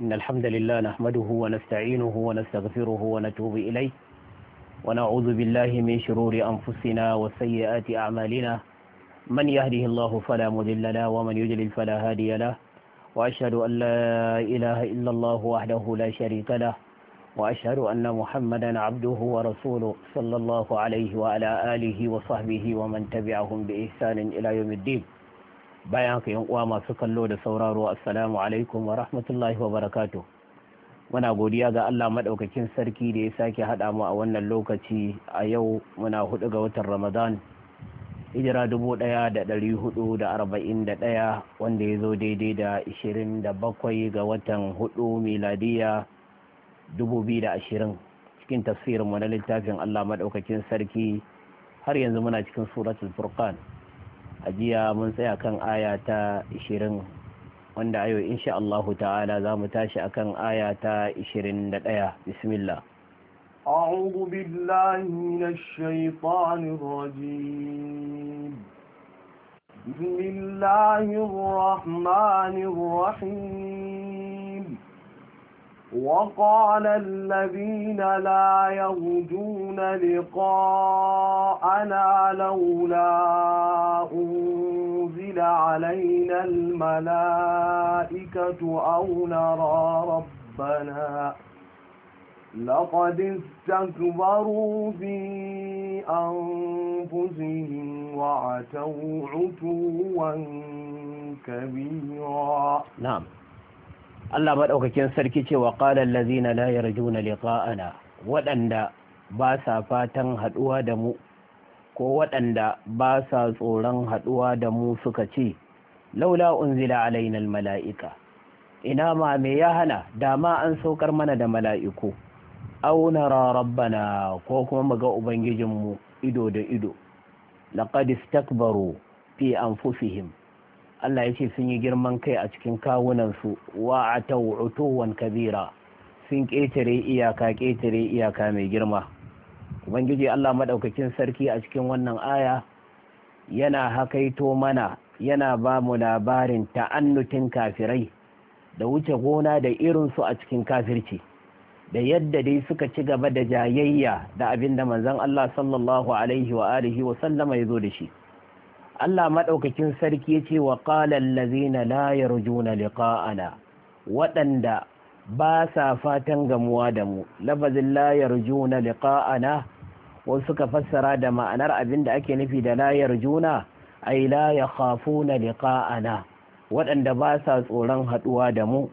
إن الحمد لله نحمده ونستعينه ونستغفره ونتوب إليه ونعوذ بالله من شرور أنفسنا وسيئات أعمالنا من يهده الله فلا مضل له ومن يضلل فلا هادي له وأشهد أن لا إله إلا الله وحده لا شريك له وأشهد أن محمدا عبده ورسوله صلى الله عليه وعلى آله وصحبه ومن تبعهم بإحسان إلى يوم الدين bayan haka yan uwa masu kallo da sauraro assalamu alaikum wa rahmatullahi wa barakatu muna godiya ga Allah madaukakin sarki da ya sake hada mu a wannan lokaci a yau muna hudu ga watan Ramadan hijira dubu da da da arba'in 1441 wanda ya zo daidai da bakwai ga watan hudu miladiya ashirin, cikin tafsirin mu na littafin Allah madaukakin sarki har yanzu muna cikin suratul furqan ajiya mun tsaya kan aya ta ishirin wanda ayo insha Allah ta'ala za mu tashi akan aya ta 21 bismillah a'udhu billahi minash shaitanir rajim bismillahir rahmanir rahim وقال الذين لا يرجون لقاءنا لولا أنزل علينا الملائكة أو نرى ربنا لقد استكبروا في أنفسهم وعتوا عتوا كبيرا نعم Allah maɗaukakin sarki cewa ƙalar lazina la yarjuna liqa'ana waɗanda ba sa fatan haɗuwa da mu ko waɗanda ba sa tsoron haɗuwa da mu suka ce laula unzila alaina mala'ika ina ma me ya hana dama an saukar mana da mala'iku Auna nara rabbana ko kuma muga ubangijinmu ido da ido laqad istakbaru fi anfusihim Allah ya ce sun yi girman kai a cikin kawunansu wa a tawutuwan kabira sun ƙetare iyaka ƙetare iyaka mai girma ubangiji Allah maɗaukakin sarki a cikin wannan aya yana hakaito mana yana ba mu labarin ta'annutin kafirai da wuce gona da irinsu a cikin kafirci da yadda dai suka ci gaba da jayayya da abin da manzon Allah sallallahu alaihi wa alihi wa sallama ya zo da shi Allah maɗaukakin sarki ce wa ƙalar lazina la yarjuna waɗanda ba sa fatan gamuwa da mu labazin layar juna liƙa'ana wasu suka fassara da ma'anar abin da ake nufi da juna a yi la na liƙa'ana waɗanda ba sa tsoron haɗuwa da mu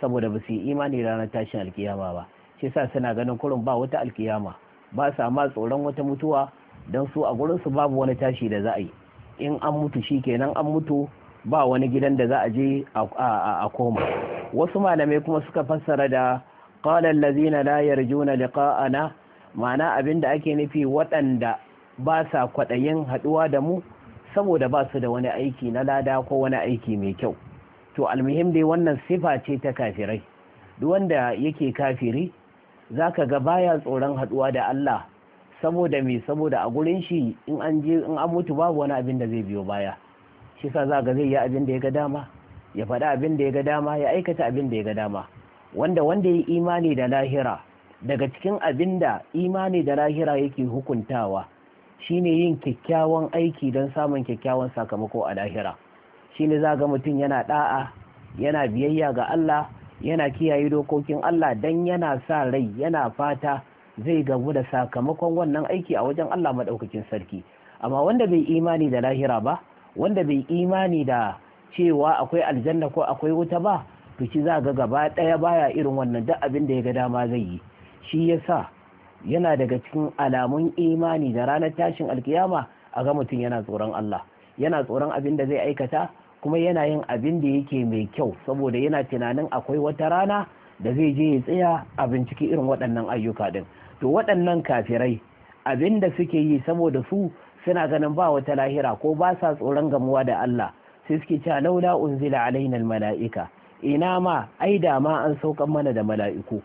saboda ba su yi imani ranar tashin alkiyama ba shi sa suna ganin kurin ba wata alkiyama ba sa ma tsoron wata mutuwa don su a gurinsu babu wani tashi da za a yi in an mutu shi kenan an mutu ba wani gidan da za a je a koma wasu malamai kuma suka fassara da qala allazina la yarjuna liqa'ana ma'ana abinda ake nufi waɗanda ba sa kwaɗayin haɗuwa da mu saboda ba su da wani aiki na lada ko wani aiki mai kyau to almuhim dai wannan sifa ce ta kafirai duk wanda yake kafiri zaka ga baya tsoron haɗuwa da Allah saboda mai saboda a gurin shi in an je in an mutu babu wani abin da zai biyo baya shi sa za ga zai yi abin da ya ga dama ya faɗa abin da ya ga dama ya aikata abin da ya ga dama wanda wanda ya imani da lahira daga cikin abin da imani da lahira yake hukuntawa shine yin kyakkyawan aiki don samun kyakkyawan sakamako a lahira shine za ga mutum yana da'a yana biyayya ga Allah yana kiyaye dokokin Allah don yana sa rai yana fata zai gamu da sakamakon wannan aiki a wajen Allah maɗaukakin sarki amma wanda bai imani da lahira ba wanda bai imani da cewa akwai aljanna ko akwai wuta ba to shi za ga gaba ɗaya baya irin wannan duk abin da ya ga dama zai yi shi yasa yana daga cikin alamun imani da ranar tashin alkiyama a ga mutum yana tsoron Allah yana tsoron abin da zai aikata kuma yana yin abin da yake mai kyau saboda yana tunanin akwai wata rana da zai je ya tsaya a binciki irin waɗannan ayyuka din to waɗannan kafirai abin da suke yi saboda su suna ganin ba wata lahira ko ba sa tsoron gamuwa da Allah sai suke cewa laula unzila alaina mala'ika ina ma ai da ma an saukan mana da mala'iku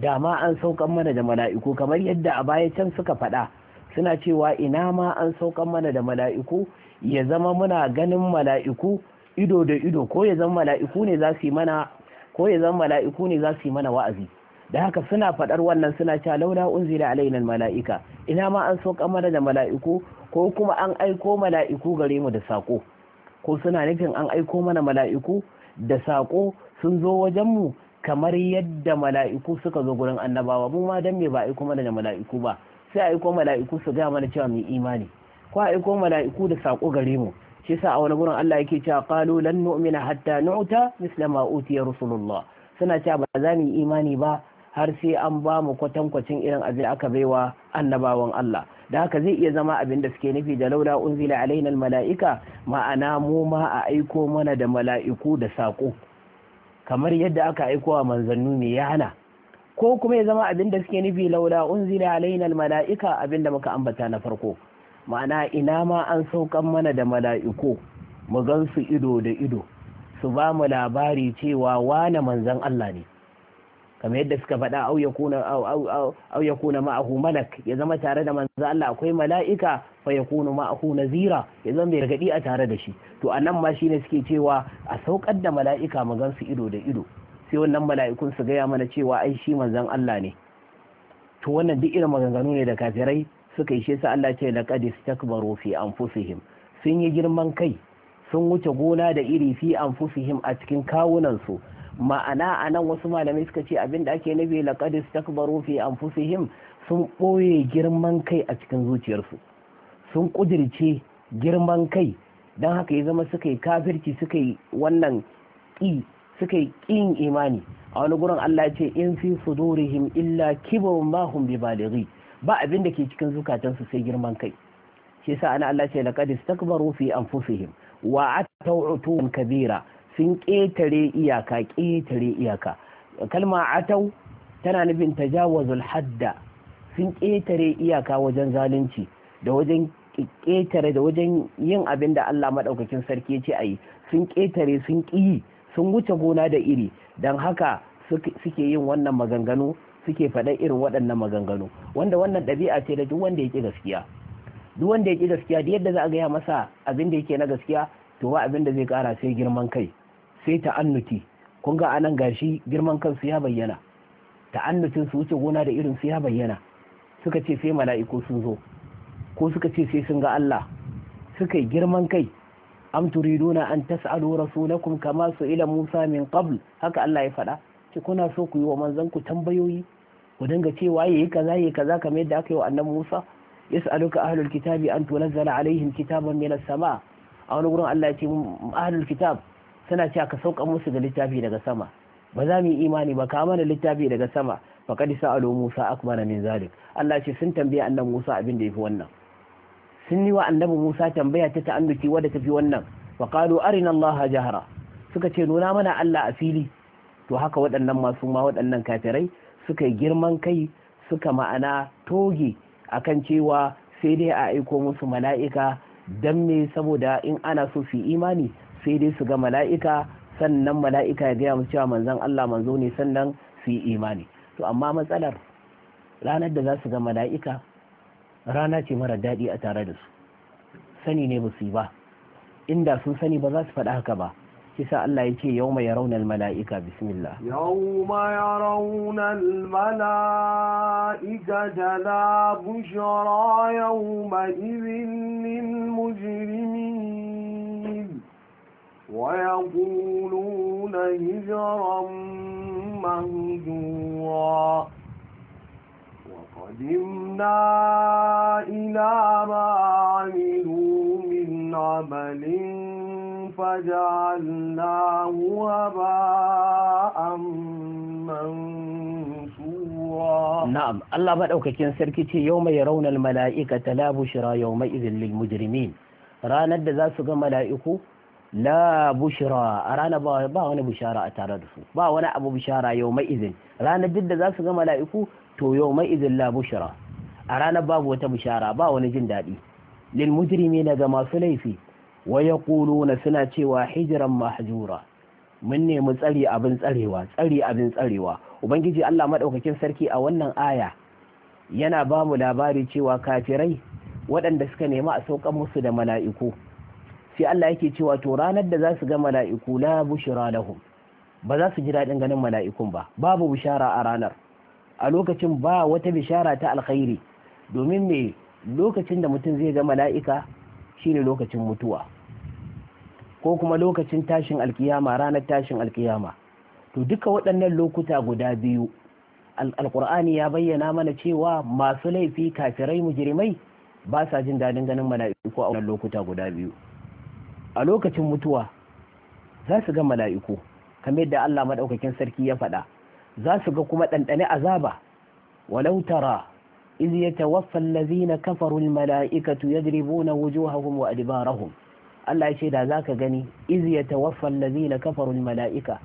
da ma an saukan mana da mala'iku kamar yadda a baya can suka faɗa suna cewa ina ma an saukan mana da mala'iku ya zama muna ganin mala'iku ido da ido ko ya zama mala'iku ne za su yi mana ko ya zama mala'iku ne za su yi mana wa'azi da haka suna faɗar wannan suna cewa laula unzila alaina mala'ika ina ma an so mana da mala'iku ko kuma an aiko mala'iku gare mu da sako ko suna nufin an aiko mana mala'iku da sako sun zo wajen mu kamar yadda mala'iku suka zo gurin annabawa mu ma dan me ba aiko mana da mala'iku ba sai aiko mala'iku su ga mana cewa mu imani ko aiko mala'iku da sako gare mu shi yasa a wani gurin Allah yake cewa qalu lan nu'mina hatta nu'ta misla ma utiya rasulullah suna cewa ba za mu yi imani ba har sai an ba mu kwatankwacin irin abin aka baiwa annabawan Allah da haka zai iya zama abin da suke nufi da laula unzila alaina mala'ika ma'ana mu ma a aiko mana da mala'iku da sako kamar yadda aka aiko wa manzannu me ya hana ko kuma ya zama abin da suke nufi laula unzila alaina mala'ika abin da muka ambata na farko ma'ana ina ma an saukan mana da mala'iku mu gan su ido da ido su ba mu labari cewa wane manzan Allah ne kamar yadda suka faɗa au ya kuna ma'ahu malak ya zama tare da manzo Allah akwai mala'ika fa ya kuna ma'ahu nazira ya zama bai gadi a tare da shi to anan ma shine suke cewa a saukar da mala'ika mu gan su ido da ido sai wannan mala'ikun su gaya mana cewa ai shi manzon Allah ne to wannan duk irin maganganu ne da kafirai suka yi shi sa Allah ce laqad istakbaru fi anfusihim sun yi girman kai sun wuce gona da iri fi anfusihim a cikin kawunan su. ma'ana a nan wasu malamai suka ce abin da ake nufi laqad istakbaru fi anfusihim sun ɓoye girman kai a cikin zuciyarsu sun ƙudirce girman kai don haka ya zama suka yi kafirci suka yi wannan ƙi suka yi ƙin imani a wani gurin Allah ce in fi sudurihim illa kibrun ma hum bi balighi ba abin da ke cikin zukatansu sai girman kai shi yasa ana Allah ce laqad istakbaru fi anfusihim wa atawtu kabira sun ƙetare iyaka ƙetare iyaka kalma atau tana nufin tajawazul hadda sun ƙetare iyaka wajen zalunci da wajen ƙetare da wajen yin abin da Allah maɗaukakin sarki ce a yi sun ƙetare sun ƙi sun wuce gona da iri don haka suke yin wannan maganganu suke faɗa irin waɗannan maganganu wanda wannan ɗabi'a ce da duk wanda ya ƙi gaskiya duk wanda ya ƙi gaskiya da yadda za a gaya masa abin da yake na gaskiya to ba abin da zai ƙara sai girman kai sai annuti kun ga anan gashi girman kansu ya bayyana annutin su wuce gona da irin su ya bayyana suka ce sai mala'iku sun zo ko suka ce sai sun ga Allah suka yi girman kai am turiduna an tas'alu rasulakum kama su'ila Musa min qabl haka Allah ya faɗa ce kuna so ku yi wa manzan ku tambayoyi ku dinga cewa yayi kaza yayi kaza kamar yadda aka yi wa annabi Musa yas'aluka ahlul kitabi an tunazzala alaihim kitaban min as-sama' a wani gurin Allah ya ce ahlul kitab suna cewa ka sauka musu da littafi daga sama ba za mu yi imani ba ka mana littafi daga sama faqad sa'alu Musa akbara min zalik Allah ce sun tambaye Annan Musa abin da yafi wannan sun yi wa annabi Musa tambaya ta ta'annuki wanda tafi wannan fa qalu arina Allah jahra suka ce nuna mana Allah a fili to haka waɗannan masu ma waɗannan kafirai suka yi girman kai suka ma'ana toge akan cewa sai dai a aiko musu mala'ika don me saboda in ana so su imani sai dai su ga mala'ika sannan mala'ika ya gaya musu cewa manzon Allah manzo ne sannan su yi imani to amma matsalar ranar da za su ga mala'ika rana ce mara daɗi a tare da su sani ne ba su yi ba inda sun sani ba za su faɗa haka ba kisa Allah ya ce yau mai raunar mala'ika bismillah yau mai raunar mala'ika da la bushara yau mai izinin mujirimi ويقولون هجرا مهجورا وقدمنا إلى ما عملوا من عمل فجعلناه هباء منثورا نعم الله sarki ce mala'ika ta almala'ikata la bushra yawma idhil lilmujrimin ranar da za su ga mala'iku la bushra a ranar ba wani bushara a tare da su ba wani abu bushara yau mai izin ranar duk da za su ga mala'iku to yau mai izin la bushra a ranar babu wata bushara ba wani jin daɗi lil mujrimi na ga masu laifi wa yaquluna suna cewa hijran mahjura mun nemi tsari abin tsarewa Tsare abin tsarewa ubangiji Allah madaukakin sarki a wannan aya yana ba mu labari cewa kafirai waɗanda suka nemi a saukan musu da mala'iku sai Allah yake cewa to ranar da za su ga mala'iku la bushra lahum ba za su ji daɗin ganin mala'ikun ba babu bishara a ranar a lokacin ba wata bishara ta alkhairi domin me lokacin da mutum zai ga mala'ika shine lokacin mutuwa ko kuma lokacin tashin alkiyama ranar tashin alkiyama to duka waɗannan lokuta guda biyu alkur'ani ya bayyana mana cewa masu laifi kafirai mujirimai ba sa jin daɗin ganin mala'iku a wannan lokuta guda biyu a lokacin mutuwa za su ga mala'iku kamar yadda Allah madaukakin sarki ya faɗa za su ga kuma ɗanɗane azaba walau tara iz yatawaffa ya kafaru na yadribuna wujuhahum wa adbarahum Allah ya ce da zaka gani iz na allazina kafaru mala'ika,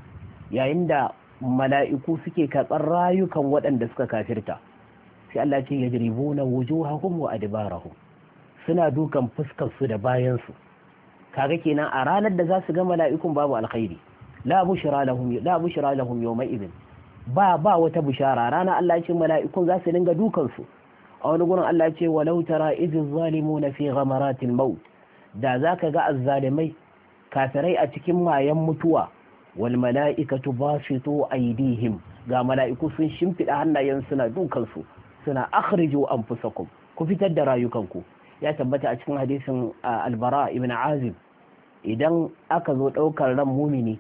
yayin da mala'iku suke karɓar rayukan waɗanda suka kafirta sai Allah ya ce yadribuna wujuhahum wa adbarahum suna dukan fuskarsu su da bayan su kaga kenan a ranar da za su ga mala'ikun babu alkhairi la bushra lahum la bushra lahum yawma idin ba ba wata bushara rana Allah ya ce mala'ikun za su dinga dukan su a wani gurin Allah ya ce walau tara idin zalimuna fi ghamaratil maut da zaka ga azzalimai kafirai a cikin mayan mutuwa wal mala'ikatu basitu aydihim ga mala'iku sun shimfida hannayen suna dukan su suna akhriju anfusakum ku fitar da rayukanku ya tabbata a cikin hadisin albara ibn azib idan aka zo ɗaukar ran mumini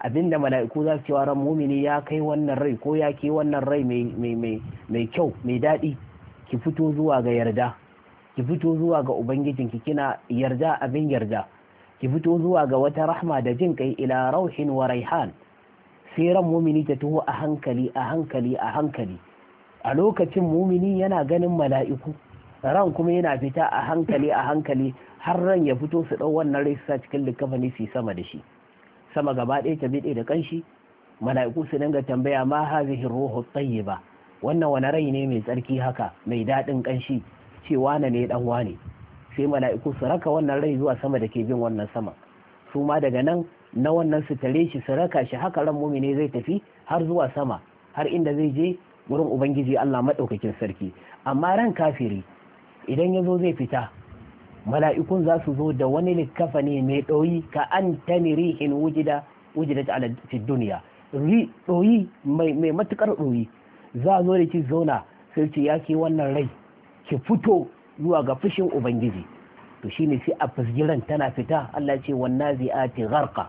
abinda mala'iku za su cewa ran mumini ya kai wannan rai ko ya ke wannan rai mai kyau mai daɗi ki fito zuwa ga yarda ki fito zuwa ga ubangijinki kina yarda abin yarda ki fito zuwa ga wata rahma da jin kai ila rauhin wa raihan sai ran mumini ta taho a hankali a hankali a hankali a lokacin mumini yana ganin mala'iku ran kuma yana fita a hankali a hankali har ran ya fito su ɗau wannan rai sa cikin likafani su sama da shi sama gaba ɗaya ta biɗe da kanshi mala'iku su dinga tambaya ma hazihi ruhu ba wannan wani rai ne mai tsarki haka mai daɗin ƙanshi cewa wane ne ɗan wane sai mala'iku su raka wannan rai zuwa sama da ke bin wannan sama su ma daga nan na wannan su tare shi su raka shi haka ran mumine zai tafi har zuwa sama har inda zai je wurin ubangiji Allah maɗaukakin sarki amma ran kafiri idan ya zo zai fita mala'ikun za su zo da wani likafa ne mai ɗoyi ka an ta rihin wujida wujida ta ala fi duniya ɗoyi mai matukar ɗoyi za zo da ki zauna sai ce ya ke wannan rai ki fito zuwa ga fushin ubangiji to shine sai a fusgiran tana fita Allah ce wannan zai ati gharqa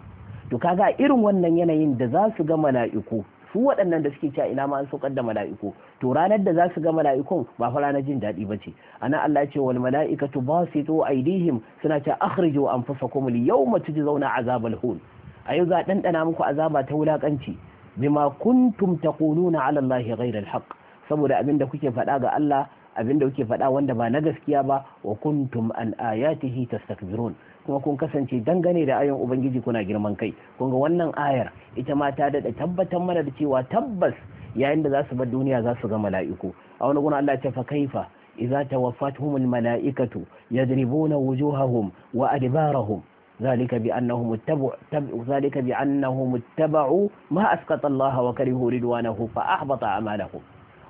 to kaga irin wannan yanayin da za su ga mala'iku su waɗannan da suke cewa ina ma an saukar da mala'iku to ranar da za su ga mala'ikun ba fa ranar jin daɗi ba ce ana Allah ya ce wal mala'ikatu basitu aidihim suna cewa akhriju anfusakum li yawma tujzauna azabal hun a yau za ɗanɗana muku azaba ta wulakanci bima kuntum taquluna ala allahi ghayra alhaq saboda abinda kuke faɗa ga Allah abinda kuke faɗa wanda ba na gaskiya ba wa kuntum an ayatihi tastakbirun kuma kun kasance dangane da ayon ubangiji kuna girman kai kun ga wannan ayar ita ma ta daɗa tabbatar mana da cewa tabbas yayin da za su bar duniya za su ga mala'iku a wani gurin Allah ya ce fa kaifa idza tawaffatuhumul mala'ikatu yadribuna wujuhahum wa adbarahum zalika bi اتبعوا ذلك بأنهم اتبعوا ما أسقط الله وكرهوا رضوانه فأحبط أعمالهم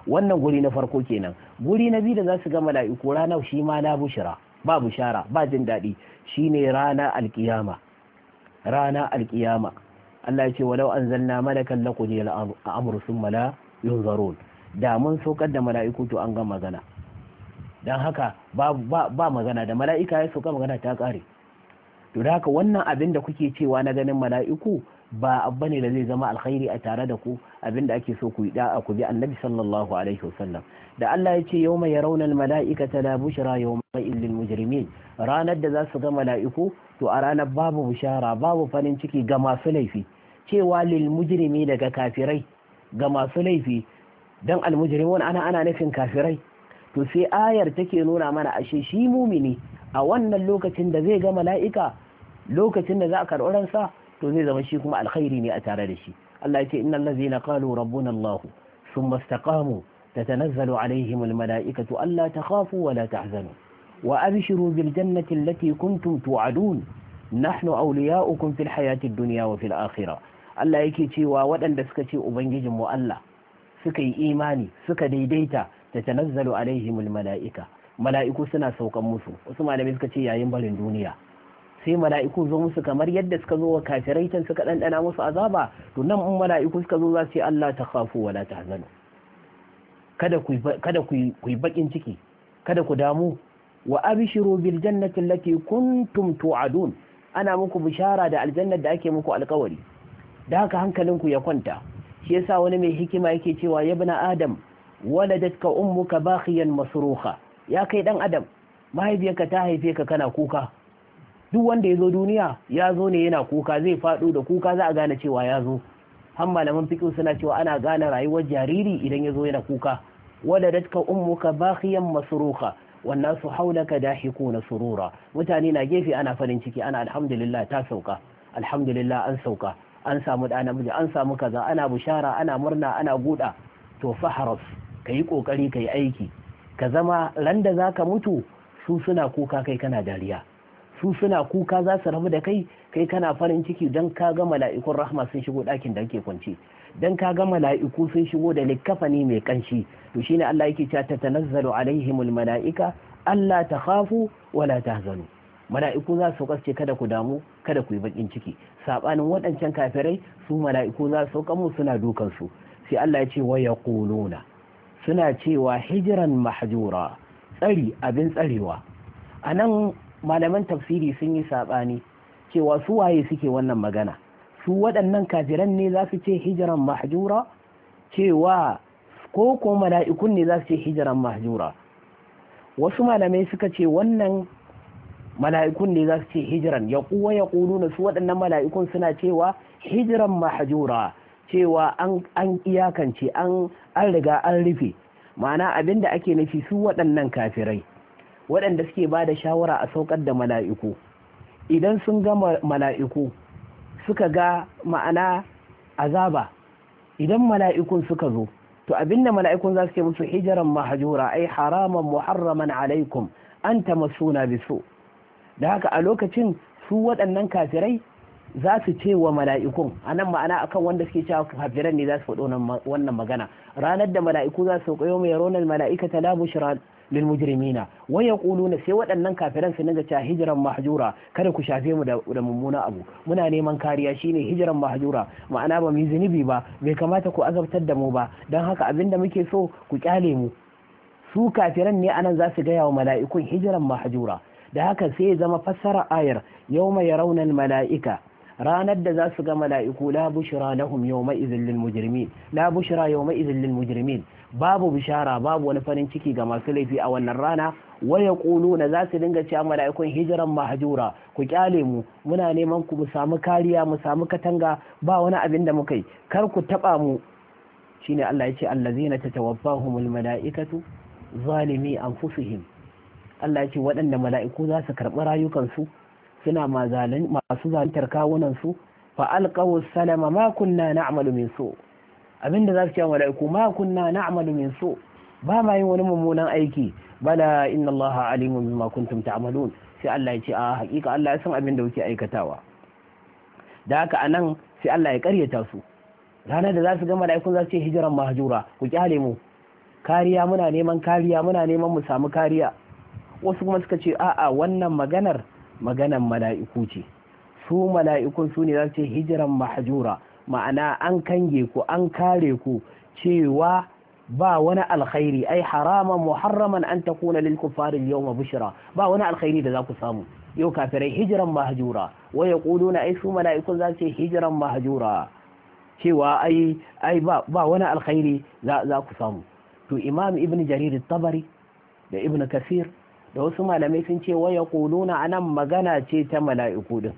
wannan guri na farko kenan guri na biyu da za su ga mala'iku ranar shi ma na bushira ba bushara ba jin daɗi shine rana alkiyama rana alkiyama Allah ya ce walau anzalna malakan laqudi al-amru thumma la yunzarun da mun saukar da mala'iku to an ga magana dan haka ba magana da mala'ika ya sauka magana ta kare to da haka wannan abin da kuke cewa na ganin mala'iku ba abba ne da zai zama alkhairi a tare da ku abinda ake so ku yi da'a ku bi annabi sallallahu alaihi wasallam da Allah ya ce yawma yarawna almala'ikata la bushra yawma lil mujrimin ranar da za su ga mala'iku to a ranar babu bushara babu farin ciki ga masu laifi cewa lil mujrimi daga kafirai ga masu laifi dan almujrimun ana ana nufin kafirai to sai ayar take nuna mana ashe shi mumini a wannan lokacin da zai ga mala'ika lokacin da za a karɓi ransa to zai zama shi kuma alkhairi ne a tare da shi Allah ya ce innal ladzina qalu rabbuna Allah thumma istaqamu tatanazzalu alaihim almalaikatu alla takhafu wa la tahzanu wa abshiru bil jannati allati kuntum tu'adun nahnu awliya'ukum fil hayati ad-dunya wa fil akhirah Allah yake cewa waɗanda suka ce ubangijin mu Allah suka yi imani suka daidaita tatanazzalu alaihim malaika mala'iku suna saukan musu wasu malamai suka ce yayin barin duniya sai mala'iku zo musu kamar yadda suka zo wa kafirai can suka ɗanɗana musu azaba to nan in mala'iku suka zo za su yi Allah ta khafu wala ta hazanu kada ku yi baƙin bakin ciki kada ku damu wa Abishiru bil jannatin allati kuntum tu'adun ana muku bishara da aljannar da ake muku alkawari da haka hankalinku ya kwanta shi yasa wani mai hikima yake cewa ya bina adam waladatka ummuka bakhiyan masruha ya kai dan adam mahaifiyarka ta haife ka kana kuka duk wanda ya zo duniya ya zo ne yana kuka zai faɗo da kuka za a gane cewa ya zo har malaman fikin suna cewa ana gane rayuwar jariri idan ya zo yana kuka wadadatka ummuka bakhiyan masruqa wan nasu hawlaka dahikuna surura mutane na gefe ana farin ciki ana alhamdulillah ta sauka alhamdulillah an sauka an samu da namiji an samu kaza ana bushara ana murna ana guda to faharas kayi kokari kayi aiki ka zama randa za zaka mutu su suna kuka kai kana dariya su suna kuka za su rabu da kai kai kana farin ciki don ka ga mala'ikun rahma sun shigo ɗakin da ake kwance don ka ga mala'iku sun shigo da likkafani mai kanshi to shine Allah yake cewa tatanazzalu alaihimul mala'ika Allah ta khafu wala tahzanu mala'iku za su kasce kada ku damu kada ku yi bakin ciki sabanin waɗancan kafirai su mala'iku za su kamu suna dukan su sai Allah ya ce wa yaquluna suna cewa hijran mahjura tsari abin tsarewa anan malaman tafsiri sun yi saɓani cewa su waye suke wannan magana su waɗannan kafiran ne za su ce hijiran mahjura cewa ko ko mala'ikun ne za su ce hijiran mahjura wasu malamai suka ce wannan mala'ikun ne za su ce hijiran ya kuwa ya na su waɗannan mala'ikun suna cewa hijiran mahjura cewa an iyakance an riga an rufe ma'ana abin da ake nufi su waɗannan kafirai waɗanda suke ba da shawara a saukar da mala'iku idan sun ga mala'iku suka ga ma'ana azaba idan mala'ikun suka zo to abinda mala'ikun za su ce musu hijiran mahajura ai haraman muharraman alaikum an ta masuna biso da haka a lokacin su waɗannan kafirai za su ce wa mala'ikun a nan ma'ana akan wanda suke cewa kafiran ne za su faɗo wannan magana ranar da mala'iku za su ƙwayo mai ronar mala'ika ta Labu bushra lil mujrimina wa yaquluna sai waɗannan kafiran su gaci a hijran mahjura kada ku shafe mu da mummuna abu muna neman kariya shine hijran mahjura ma'ana ba mu zunubi ba bai kamata ku azabtar da mu ba dan haka abinda muke so ku kyale mu su kafiran ne anan za su gaya wa mala'ikun hijran mahjura da haka sai ya zama fassara ayar yawma yarawna al mala'ika ranar da za su ga mala'iku la bushra lahum yawma idhil lil la bushra yawma idhil lil babu bishara babu wani farin ciki ga masu laifi a wannan rana waya kulu na za su dinga cewa mala'ikun hijiran mahajura ku kyale mu muna neman ku mu samu kariya mu samu katanga ba wani abin da muka yi kar ku taba mu shine Allah ya ce allazina tatawaffahumul mala'ikatu zalimi anfusihim Allah ya ce waɗanda mala'iku za su karɓi rayukansu suna masu zantar kawunansu fa alqawu salama ma kunna na'malu min su' Abin da za su cewa mala'iku ma kunna na'malu min so ba ma yin wani mummunan aiki bala inna allaha alimun bima kuntum ta'malun sai Allah ya ce a ah, hakika Allah ya san abin da kuke aikatawa da haka anan sai Allah ya karyata su ranar da za su ga mala'ikun za su ce hijiran mahjura ku kyale mu kariya muna neman kariya muna neman mu samu kariya wasu kuma suka ce a'a wannan maganar maganar mala'iku ce su mala'ikun su ne za su ce hijiran mahajura. ma'ana an kange ku an kare ku cewa ba wani alkhairi ai haraman muharraman an kuna lil kuffari yawma bushira ba wani alkhairi da za ku samu yau kafirai hijiran mahajura waya yaquluna ai su mala'ikun za su ce hijiran mahajura cewa ai ai ba wani alkhairi za za ku samu to imam ibn jarir tabari da ibn kasir da wasu malamai sun ce waya yaquluna anan magana ce ta mala'iku din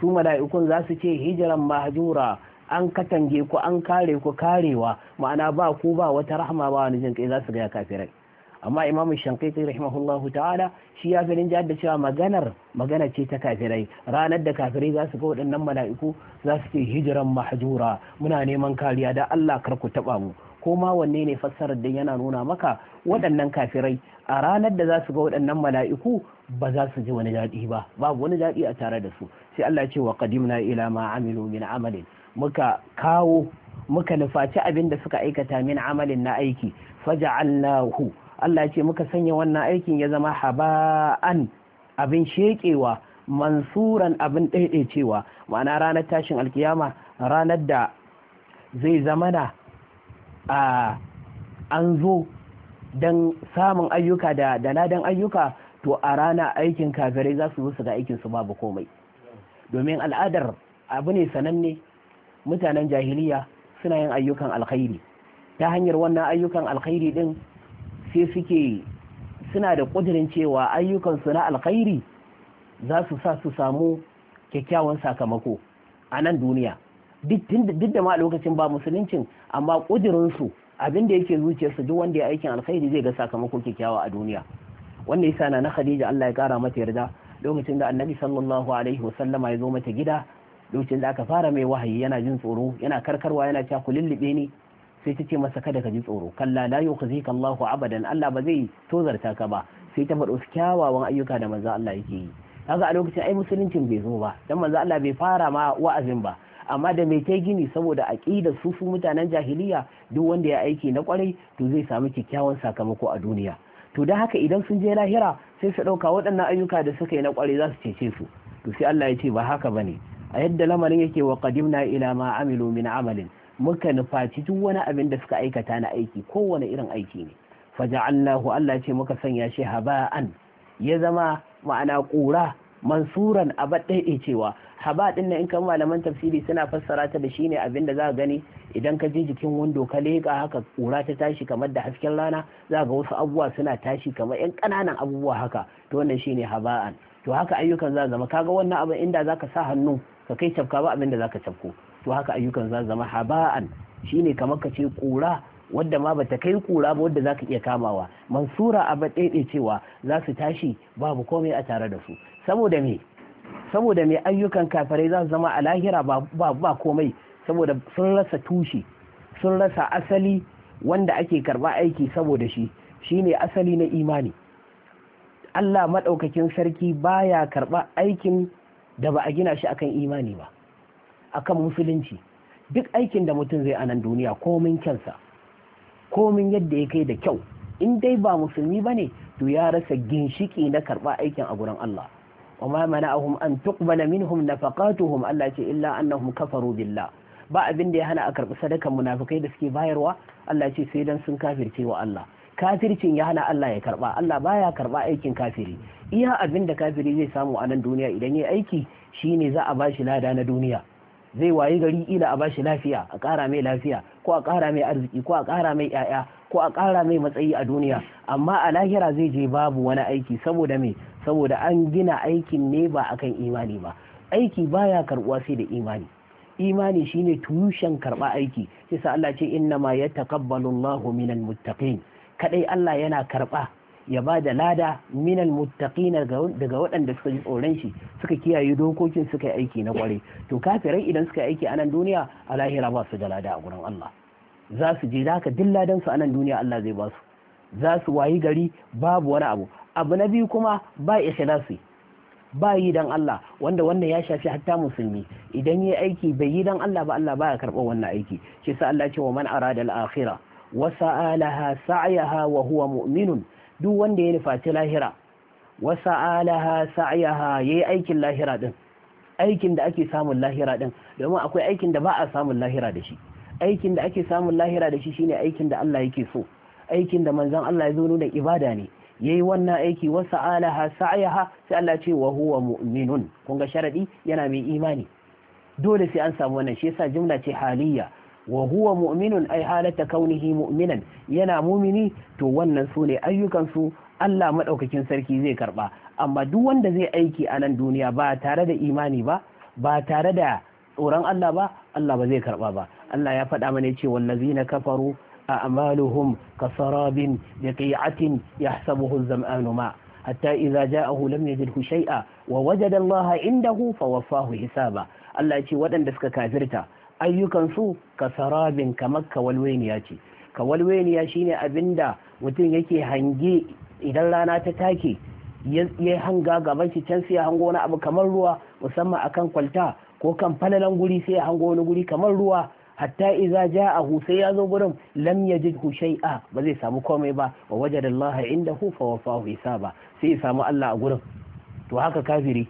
su mala'ikun za su ce hijiran mahjura an katange ku an kare ku karewa ma'ana ba ku ba wata rahama ba wani jin kai za su ga kafirai amma imamu shankaiti rahimahullahu ta'ala shi ya fi rinjiyar da cewa maganar magana ce ta kafirai ranar da kafirai za su ga waɗannan mala'iku za su ce hijiran mahjura muna neman kariya da Allah kar ku taɓa mu ko ma wanne ne fassarar da yana nuna maka waɗannan kafirai a ranar da za su ga waɗannan mala'iku ba za su ji wani daɗi ba babu wani daɗi a tare da su sai Allah ya ce wa qadimna ila ma amilu min amalin muka kawo muka nufaci abin da suka aikata min amalin na aiki faja'alnahu Allah ya ce muka sanya wannan aikin ya zama haba'an abin shekewa mansuran abin ɗaiɗaicewa ma'ana ranar tashin alkiyama ranar da zai zamana a an zo don samun ayyuka da da ladan ayyuka to a rana aikin kafirai za su zo su ga aikin su babu komai domin al'adar abu ne sananne mutanen jahiliya suna yin ayyukan alkhairi ta hanyar wannan ayyukan alkhairi din sai suke suna da ƙudurin cewa ayyukansu na alkhairi za su sa su samu kyakkyawan sakamako a nan duniya duk da ma lokacin ba musuluncin amma ƙudurinsu abin da yake zuciyarsa duk wanda ya aikin alkhairi zai ga sakamako kyakkyawa a duniya wanda yasa na na Khadija Allah ya kara mata yarda lokacin da Annabi sallallahu alaihi wasallama ya zo mata gida lokacin da aka fara mai wahayi yana jin tsoro yana karkarwa yana cewa ku lullube ni sai ta ce masa kada ka ji tsoro kalla la yukhzika Allahu abadan Allah ba zai tozarta ka ba sai ta faɗo kyawawan ayyuka da manzo Allah yake yi kaga a lokacin ai musuluncin bai zo ba dan manzo Allah bai fara ma wa'azin ba amma da mai ta gini saboda aqidar su su mutanen jahiliya duk wanda ya aiki na kwarai to zai samu kyakkyawan sakamako a duniya to da haka idan sun je lahira sai su ɗauka waɗannan ayyuka da suka yi na kwarai za su cece su to sai Allah ya ce ba haka bane a yadda lamarin yake wa qadimna ila ma amilu min amalin muka nufaci duk wani abin da suka aikata na aiki kowane irin aiki ne faja'allahu Allah ce muka sanya shi haba'an ya zama ma'ana ƙura mansuran a ɗaya cewa haba ɗin in kan malaman tafsiri suna fassara ta da shine abin da za ka gani idan ka je jikin wando ka leƙa haka ƙura ta tashi kamar da hasken rana za ga wasu abubuwa suna tashi kamar yan ƙananan abubuwa haka to wannan shine haba'an to haka ayyukan za zama kaga wannan abin inda za ka sa hannu ka kai cafka ba abin da za ka cafko to haka ayyukan za zama haba'an shine kamar ka ce ƙura wadda ma bata kai kura ba wadda za ka iya kamawa mansura a baɗaiɗe cewa za su tashi babu komai a tare da su saboda me saboda me ayyukan kafirai za su zama a lahira ba komai saboda sun rasa tushe sun rasa asali wanda ake karba aiki saboda shi shine asali na imani Allah maɗaukakin sarki baya karba aikin da ba a gina shi akan imani ba akan musulunci duk aikin da mutum zai a nan duniya komin kyansa komin yadda ya kai da kyau in dai ba musulmi bane to ya rasa ginshiki na karba aikin a gurin Allah mana ahum an tuqbala minhum nafaqatuhum Allah ce illa annahum kafaru billah ba abin da ya hana a karɓi sadakan munafikai da suke bayarwa Allah ce sai dan sun kafirce wa Allah kafircin ya hana Allah ya karɓa. Allah baya karɓa aikin kafiri iya abin da kafiri zai samu a nan duniya idan ya aiki shine za a bashi lada na duniya zai wayi gari ila a bashi lafiya a ƙara mai lafiya ko a ƙara mai arziki ko a ƙara mai ƴaƴa ko a ƙara mai matsayi a duniya amma a lahira zai je babu wani aiki saboda me saboda an gina aikin ne ba akan imani ba aiki baya karɓuwa sai da imani imani shine tushen karɓa aiki yasa Allah ce inna ma yataqabbalu Allahu minal muttaqin kadai Allah yana karɓa ya ba da lada minal muttaqina daga waɗanda suka ji tsoron shi suka kiyaye dokokin suka yi aiki na kwarai to kafirai idan suka yi aiki a nan duniya a lahira ba su da lada a gurin Allah za su je haka duk ladan su a nan duniya Allah zai ba su za su wayi gari babu wani abu abu na biyu kuma ba ikhlasi ba yi dan Allah wanda wannan ya shafi hatta musulmi idan yi aiki bai yi dan Allah ba Allah baya karɓar wannan aiki shi sa Allah ce wa man arada al-akhirah wa sa'alaha sa'yaha wa huwa mu'minun duk wanda ya nufaci lahira wasa alaha ya yayi aikin lahira din aikin da ake samun lahira din domin akwai aikin da ba a samun lahira da shi aikin da ake samun lahira da shi shine aikin da Allah yake so aikin da manzon Allah ya zo nuna ibada ne yayi wannan aiki wasa alaha, sa'yaha sai Allah ce wa huwa mu'minun kun ga sharadi yana mai imani dole sai an samu wannan shi yasa jumla ce haliyya wa huwa mu'minun ai halata kaunihi mu'minan yana mumini to wannan su ne ayyukansu Allah maɗaukakin sarki zai karɓa amma duk wanda zai aiki a nan duniya ba tare da imani ba ba tare da tsoron Allah ba Allah ba zai karba ba Allah ya faɗa mana ce wallazina kafaru a'maluhum kasarabin biqi'atin yahsabuhu az-zam'anu ma' حتى إذا جاءه لم يجده شيئا ووجد الله عنده فوفاه حسابا الله ce waɗanda suka كافرتا ayyukansu ka sarabin kamar kawalweniya ce kawalweniya shine abinda mutum yake hange idan rana ta take ya hanga gaban shi can sai ya hango wani abu kamar ruwa musamman akan kwalta ko kan falalan guri sai ya hango wani guri kamar ruwa hatta iza a sai ya zo gurin lam yajidhu shay'a ba zai samu komai ba wa wajadallaha indahu fa wafahu ba sai ya samu Allah a gurin to haka kafiri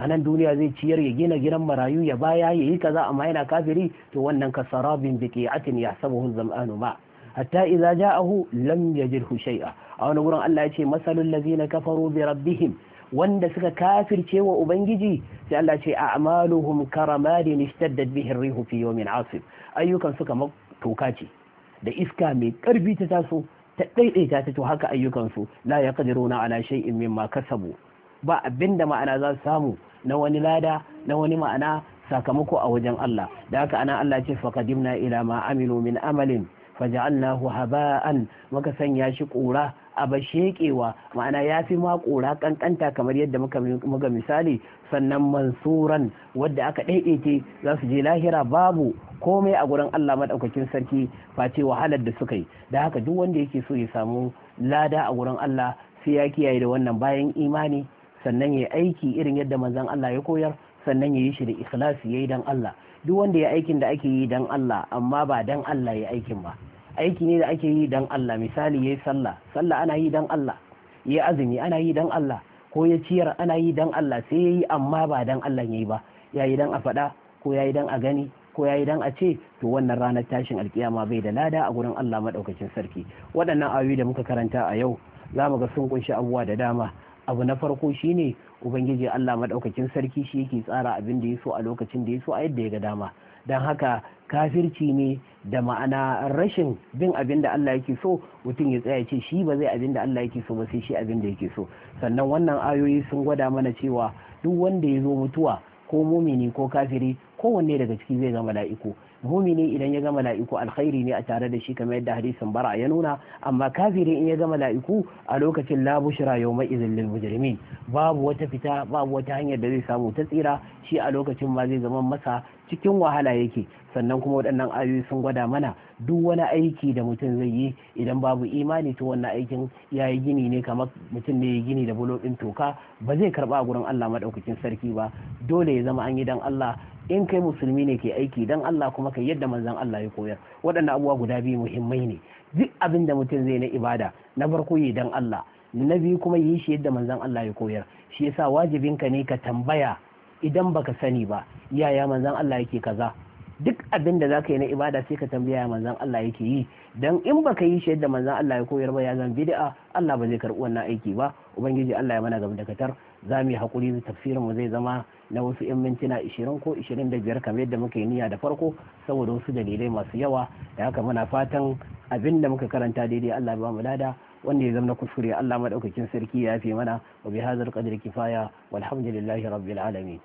a nan duniya zai ciyar ya gina gidan marayu ya baya ya yi kaza amma yana kafiri to wannan ka sarabin biqi'atin yahsabuhu zam'anu ma hatta idza ja'ahu lam hu shay'a a wani gurin Allah ya ce masalul ladzina kafaru bi rabbihim wanda suka kafirce wa ubangiji sai Allah ce a'maluhum karamadin ishtaddat bihi rihu fi yawmin asif ayyukan suka toka ce da iska mai karfi ta taso ta daidaita ta to haka ayyukan su la yaqdiruna ala shay'in mimma kasabu ba abin da ma'ana za su samu na wani lada na wani ma'ana sakamako a wajen Allah da haka ana Allah ce faqadimna ila ma amilu min amalin faja'alnahu haba'an muka sanya shi kura a bashekewa ma'ana ya fi ma kura kankanta kamar yadda muka misali sannan mansuran wadda aka ɗaiɗaike za su je lahira babu komai a gurin Allah madaukakin sarki face wahalar da suka yi da haka duk wanda yake so ya samu lada a gurin Allah sai ya kiyaye da wannan bayan imani sannan ya aiki irin yadda manzan Allah ya koyar sannan ya yi shi da ikhlasi yi dan Allah duk wanda ya aikin da ake yi dan Allah amma ba dan Allah ya aikin ba aiki ne da ake yi dan Allah misali ya yi sallah sallah ana yi dan Allah Ya azumi ana yi dan Allah ko ya ciyar ana yi dan Allah sai ya yi amma ba dan Allah ya yi ba Ya yi dan a faɗa ko ya yi dan a gani ko ya yi dan a ce to wannan ranar tashin alkiyama bai da lada a gurin Allah maɗaukakin sarki waɗannan ayoyi da muka karanta a yau za mu ga sun kunshi abubuwa da dama abu na farko shine ubangiji Allah madaukakin sarki shi yake tsara abin da ya so a lokacin da ya so a yadda ya ga dama don haka kafirci ne da ma'ana rashin bin abin da Allah yake so mutum ya tsaya ce shi ba zai abin da Allah yake so ba sai shi abin da yake so sannan wannan ayoyi sun gwada mana cewa duk wanda ya zo mutuwa ko mumini ko kafiri kowanne daga ciki zai ga mala'iku mumini idan ya ga mala'iku alkhairi ne a tare da shi kamar yadda hadisin bara ya nuna amma kafiri in ya ga mala'iku a lokacin la bushra yawma idhil lil mujrimin babu wata fita babu wata hanyar da zai samu ta tsira shi a lokacin ma zai zama masa cikin wahala yake sannan kuma waɗannan ayoyi sun gwada mana duk wani aiki da mutum zai yi idan babu imani to wannan aikin ya yi gini ne kamar mutum ne ya yi gini da bulo toka ba zai karɓa a gurin Allah maɗaukacin sarki ba dole ya zama an yi dan Allah in kai musulmi ne ke aiki dan Allah kuma kai yadda manzon Allah ya koyar waɗannan abubuwa guda biyu muhimmai ne duk abin da mutum zai na ibada na farko yi dan Allah na biyu kuma yi shi yadda manzon Allah ya koyar shi yasa wajibinka ne ka tambaya idan baka sani ba yaya manzan Allah yake kaza duk abin da zaka yi na ibada sai ka tambaya manzon Allah yake yi dan in baka yi shi yadda manzon Allah ya koyar ba ya zan bid'a Allah ba zai karɓi wannan aiki ba ubangiji Allah ya mana gaba da katar za yi hakuri da tafsirin mu zai zama na wasu 'yan mintuna 20 ko 25 kamar yadda muka yi niyya da farko saboda wasu dalilai masu yawa da haka muna fatan abin da muka karanta daidai Allah ba mu lada wanda ya zama kuskure Allah madaukakin sarki ya fi mana wa bi hadzal qadri kifaya walhamdulillahi rabbil alamin